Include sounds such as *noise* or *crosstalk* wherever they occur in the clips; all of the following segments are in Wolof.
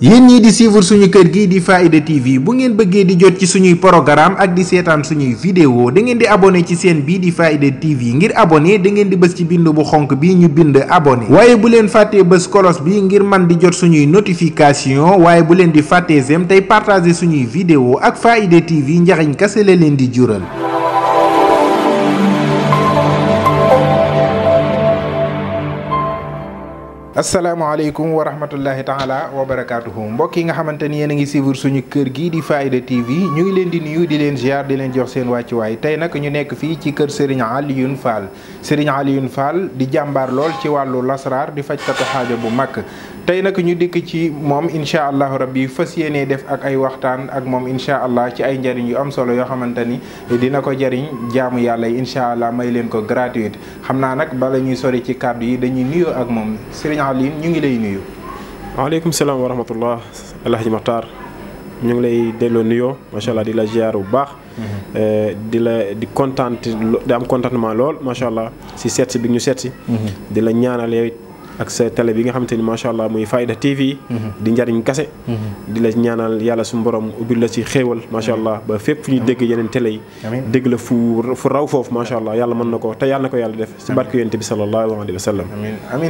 yéen ñii di suivre suñu kër gi di Faaida TV bu ngeen bëggee di jot ci suñuy programme ak di seetaan suñuy vidéo da ngeen di abonné ci seen bii di Faaida TV ngir abonné da ngeen di bës ci bind bu xonq bi ñu bind abonné waaye bu leen fàttee bës kolos bi ngir man di jot suñuy notification waaye bu leen di fàttee sem tey partagé suñuy video ak Faaida TV njariñ kase la leen di jural asalaamaaleykum wa rahmatullahi taala wa barakaatuhu mbokk yi nga xamante ni yéen a ngi suivre suñu kër gi di Faaida TV ñu ngi leen di nuyu di leen ziar di leen jox seen wàccuwaay tey nag ñu nekk fii ci kër Serigne Alioune Fall Serigne Alioune Fall di jàmbaar lool ci wàllu lasraar di fajkatu xaajo bu mag. tey nag ñu dikk ci moom incha allahu rabbi fas yéenee def ak ay waxtaan ak moom incha allah ci ay njariñ yu am solo yoo xamante ni dina ko jariñ jaamu yàlla yi incha allah may leen ko gratuite xam naa nag bala ñuy sori ci kàddu yi dañuy nuyoo ak moom Aline ñu ngi lay nuyu. waaleykum salaam wa rahmatullah El Hadj Makhtar ñu ngi lay delloo nuyoo macha allah di la ziar bu baax. Mm-hmm. Eh, di la di kontaan di am contentement lool macha allah si seet si bi ñu seet si. Mm-hmm. di la ñaanal yow ak sa bi nga xamante ni macha allah muy Fayda TV. Mm-hmm. di njariñ kase. di la ñaanal yàlla su borom ubbi la si xéewal macha allah ba fépp fu ñu dégg yeneen télé yi. dégg la fu fu raw foofu macha allah yàlla mën na ko te yàlla na ko yàlla def. si barke yonent bi sallallahu alayhi wa sallam.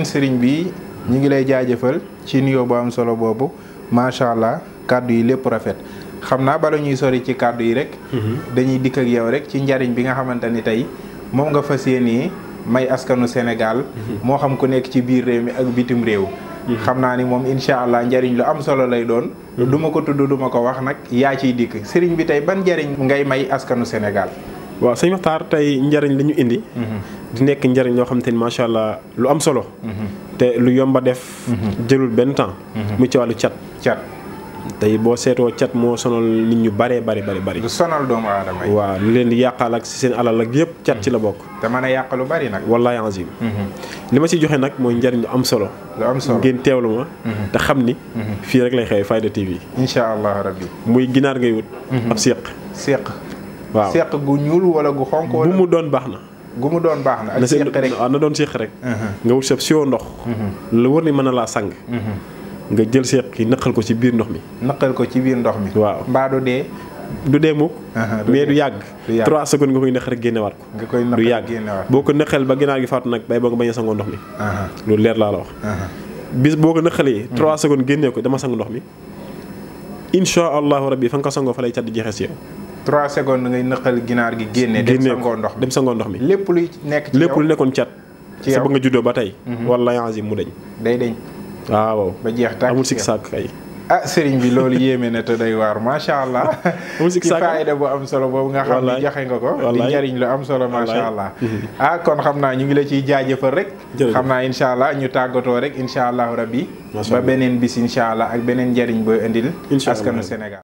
sëriñ bi. ñu ngi lay jaajëfal ci nuyoo bu am solo boobu macha allah kàddu yi lépp rafet xam naa bala ñuy sori ci kàddu yi rek. Mhm. dañuy dikk ak yow rek ci njariñ bi nga xamante ni tey moom nga fas yéenee may askanu Sénégal. Mhm. moo xam ku nekk ci biir réew mi ak bitim réew. Mhm. xam naa ni moom incha allah njariñ lu am solo lay doon. duma ko tudd du ko wax nag yaa ciy dikk sëriñ bi tey ban njariñ ngay may askanu Sénégal. waaw sëñ Maxtaar tey njariñ li ñu indi. Mhm. di nekk njariñ loo xam te ni macha allah lu am solo. Mhm. te lu yomba def. Mhm. jëlul benn temps. mu ci wàllu cat cat. boo seetoo cat moo sonal nit ñu baree bari bari bari. lu sonal doomu aadama yi. waaw leen di yàqaal ak seen alal ak yëpp cat ci la bokk. te mën a yàq lu bari nag. wallaahi azim. li ma si joxe nag mooy njariñ lu am solo. am solo ngeen teewlu ma. xam ni. fii rek lay xew Fayda TV. incha allah rabbi muy ginaar ngay wut. ab seq seq. waaw seq gu ñuul wala gu xonk wala mu doon baax na. gu mu doon baax na ak seq rek na doon seq rek. Uh-huh. nga wut sa siwo ndox. Uh-huh. lu war ni mën na laa sang. Uh-huh. nga jël seq ki naqal ko ci biir ndox mi. naqal ko ci biir ndox mi. waaw mbaa du dee. du dee mukk mais du yàgg. trois secondes nga koy naq rek ko. nga koy naq rek génnewaat boo ko naqal ba ginaar gi faatu nag bay ba nga bañ a sangoo ndox mi. loolu leer laa la wax. bis boo ko naqalee. trois secondes génnee ko dama sang ndox mi. incha allahu rabbi fa nga ko sangoo fa lay cadd jeexee si trois secondes ngay nëqal ginaar gi génne. dem sangoo ndox mi dem sangoo ndox mi. lépp lu nekk ci lépp lu nekkoon cat. ci sa ba nga juddoo ba tey. Mhm. wala yansi mu dañ. day dañ. waaw ba jeex tàkk amul sikk sàkk ah, sëriñ bi loolu yéeme na te day waar macha allah. *laughs* amul sikk sàkk ci am solo boobu nga xam ne nga ko. di njariñ am solo macha allah. Mhm. ah kon xam naa ñu ngi la ciy jaajëfal rek. xam naa incha allah ñu tàggatoo rek incha allah rabbi ba beneen bis incha allah ak beneen njariñ booy indil. askanu Sénégal